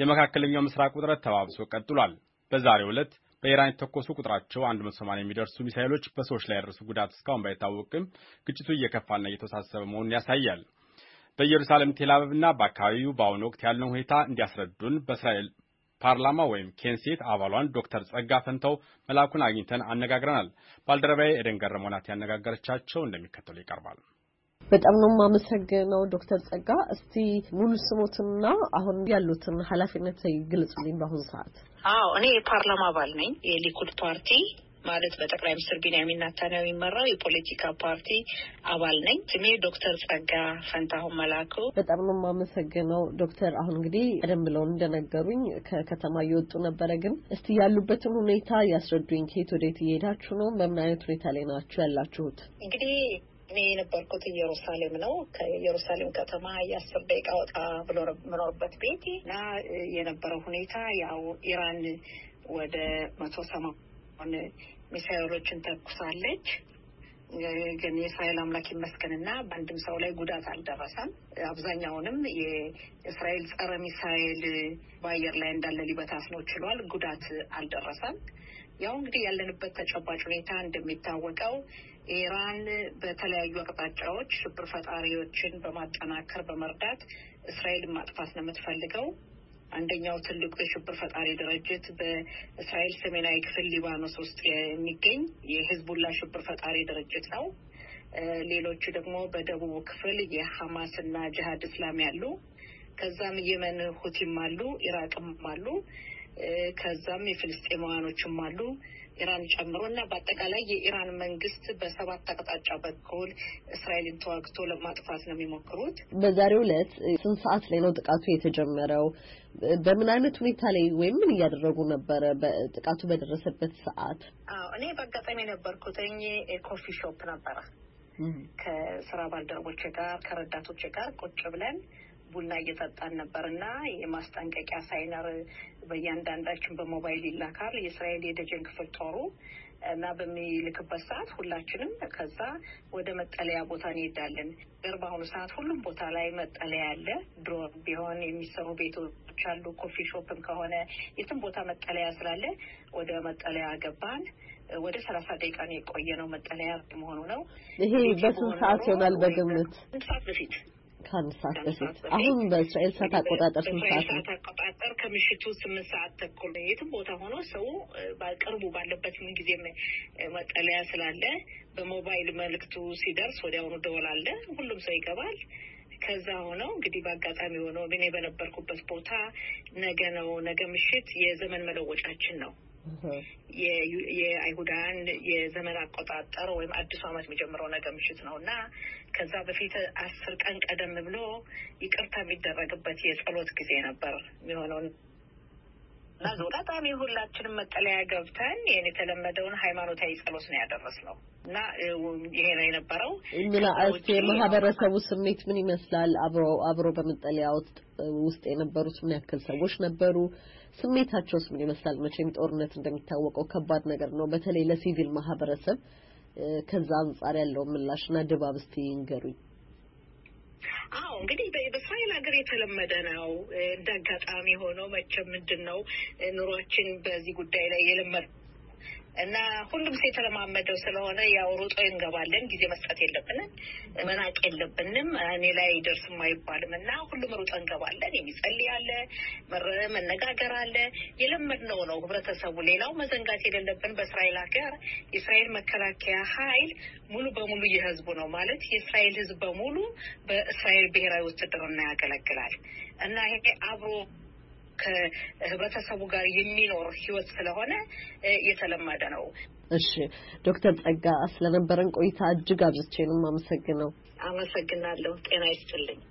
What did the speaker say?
የመካከለኛው ምስራቅ ውጥረት ተባብሶ ቀጥሏል። በዛሬው ዕለት በኢራን የተኮሱ ቁጥራቸው 180 የሚደርሱ ሚሳይሎች በሰዎች ላይ ያደረሱ ጉዳት እስካሁን ባይታወቅም ግጭቱ እየከፋና እየተወሳሰበ መሆኑን ያሳያል። በኢየሩሳሌም ቴልአቪቭና በአካባቢው በአሁኑ ወቅት ያለውን ሁኔታ እንዲያስረዱን በእስራኤል ፓርላማ ወይም ኬንሴት አባሏን ዶክተር ጸጋ ፈንተው መላኩን አግኝተን አነጋግረናል። ባልደረባዬ ኤደን ገረመናት ያነጋገረቻቸው እንደሚከተሉ ይቀርባል። በጣም ነው የማመሰግነው ዶክተር ጸጋ። እስቲ ሙሉ ስሞትና አሁን ያሉትን ኃላፊነት ይግለጹልኝ። በአሁኑ ሰዓት አዎ፣ እኔ የፓርላማ አባል ነኝ። የሊኩድ ፓርቲ ማለት በጠቅላይ ሚኒስትር ቢንያሚን ናታንያሁ የሚመራው የፖለቲካ ፓርቲ አባል ነኝ። ስሜ ዶክተር ጸጋ ፈንታሁን መላኩ። በጣም ነው የማመሰግነው ዶክተር። አሁን እንግዲህ ቀደም ብለው እንደነገሩኝ ከከተማ እየወጡ ነበረ፣ ግን እስቲ ያሉበትን ሁኔታ ያስረዱኝ። ከየት ወደት እየሄዳችሁ ነው? በምን አይነት ሁኔታ ላይ ናችሁ ያላችሁት? እንግዲህ እኔ የነበርኩት ኢየሩሳሌም ነው። ከኢየሩሳሌም ከተማ የአስር ደቂቃ ወጣ ብሎ የምኖርበት ቤቴ እና የነበረው ሁኔታ ያው ኢራን ወደ መቶ ሰማን ሚሳይሎችን ተኩሳለች። ግን የእስራኤል አምላክ ይመስገንና በአንድም ሰው ላይ ጉዳት አልደረሰም። አብዛኛውንም የእስራኤል ጸረ ሚሳኤል በአየር ላይ እንዳለ ሊበታትነው ችሏል። ጉዳት አልደረሰም። ያው እንግዲህ ያለንበት ተጨባጭ ሁኔታ እንደሚታወቀው ኢራን በተለያዩ አቅጣጫዎች ሽብር ፈጣሪዎችን በማጠናከር በመርዳት እስራኤልን ማጥፋት ነው የምትፈልገው። አንደኛው ትልቁ የሽብር ፈጣሪ ድርጅት በእስራኤል ሰሜናዊ ክፍል ሊባኖስ ውስጥ የሚገኝ የሂዝቡላ ሽብር ፈጣሪ ድርጅት ነው። ሌሎቹ ደግሞ በደቡቡ ክፍል የሐማስ እና ጅሀድ እስላም ያሉ፣ ከዛም የመን ሁቲም አሉ፣ ኢራቅም አሉ። ከዛም የፍልስጤማውያኖችም አሉ ኢራን ጨምሮ እና በአጠቃላይ የኢራን መንግስት በሰባት አቅጣጫ በኩል እስራኤልን ተዋግቶ ለማጥፋት ነው የሚሞክሩት። በዛሬው ዕለት ስንት ሰዓት ላይ ነው ጥቃቱ የተጀመረው? በምን አይነት ሁኔታ ላይ ወይም ምን እያደረጉ ነበረ? ጥቃቱ በደረሰበት ሰዓት እኔ በአጋጣሚ የነበርኩትኝ ኮፊ ሾፕ ነበረ ከስራ ባልደረቦች ጋር ከረዳቶች ጋር ቁጭ ብለን ቡና እየጠጣን ነበር እና የማስጠንቀቂያ ሳይነር በእያንዳንዳችን በሞባይል ይላካል። የእስራኤል የደጀን ክፍል ጦሩ እና በሚልክበት ሰዓት ሁላችንም ከዛ ወደ መጠለያ ቦታ እንሄዳለን። ገር በአሁኑ ሰዓት ሁሉም ቦታ ላይ መጠለያ አለ። ድሮ ቢሆን የሚሰሩ ቤቶች አሉ። ኮፊ ሾፕም ከሆነ የትም ቦታ መጠለያ ስላለ ወደ መጠለያ ገባን። ወደ ሰላሳ ደቂቃ ነው የቆየ ነው መጠለያ መሆኑ ነው። ይሄ በስንት ሰዓት ይሆናል በግምት? ስንት ሰዓት በፊት ከአንድ ሰዓት በፊት አሁን በእስራኤል ሰዓት አቆጣጠር ስንት ሰዓት ነው? አቆጣጠር ከምሽቱ ስምንት ሰዓት ተኩል የትም ቦታ ሆኖ ሰው በቅርቡ ባለበት ምን ጊዜም መጠለያ ስላለ በሞባይል መልእክቱ ሲደርስ ወዲያውኑ ደወል አለ። ሁሉም ሰው ይገባል። ከዛ ሆነው እንግዲህ በአጋጣሚ ሆነው እኔ በነበርኩበት ቦታ ነገ ነው ነገ ምሽት የዘመን መለወጫችን ነው የአይሁዳን የዘመን አቆጣጠር ወይም አዲሱ ዓመት የሚጀምረው ነገ ምሽት ነው እና ከዛ በፊት አስር ቀን ቀደም ብሎ ይቅርታ የሚደረግበት የጸሎት ጊዜ ነበር የሚሆነው እና የሁላችንም መጠለያ ገብተን ይህን የተለመደውን ሃይማኖታዊ ጸሎት ነው ያደረስነው እና ይሄ ነው የነበረው። እና እስኪ የማህበረሰቡ ስሜት ምን ይመስላል? አብሮ አብሮ በመጠለያ ውስጥ የነበሩት ምን ያክል ሰዎች ነበሩ? ስሜታቸውስ ምን ይመስላል? መቼም ጦርነት እንደሚታወቀው ከባድ ነገር ነው፣ በተለይ ለሲቪል ማህበረሰብ። ከዛ አንጻር ያለው ምላሽና ድባብ እስቲ ይንገሩኝ። እንግዲህ በእስራኤል ሀገር የተለመደ ነው። እንደ አጋጣሚ ሆኖ መቼም ምንድን ነው ኑሯችን በዚህ ጉዳይ ላይ የለመደ እና ሁሉም ሰው የተለማመደው ስለሆነ ያው ሩጦ እንገባለን። ጊዜ መስጠት የለብንም። መናቅ የለብንም። እኔ ላይ ደርስም አይባልም እና ሁሉም ሩጠ እንገባለን። የሚጸልይ አለ፣ መነጋገር አለ። የለመድነው ነው ህብረተሰቡ። ሌላው መዘንጋት የሌለብን በእስራኤል ሀገር የእስራኤል መከላከያ ኃይል ሙሉ በሙሉ የህዝቡ ነው ማለት የእስራኤል ህዝብ በሙሉ በእስራኤል ብሔራዊ ውትድርና ያገለግላል እና ይሄ አብሮ ከህብረተሰቡ ጋር የሚኖር ህይወት ስለሆነ የተለመደ ነው። እሺ ዶክተር ጸጋ ስለነበረን ቆይታ እጅግ አብዝቼ ነው አመሰግናለሁ። ጤና ይስጥልኝ።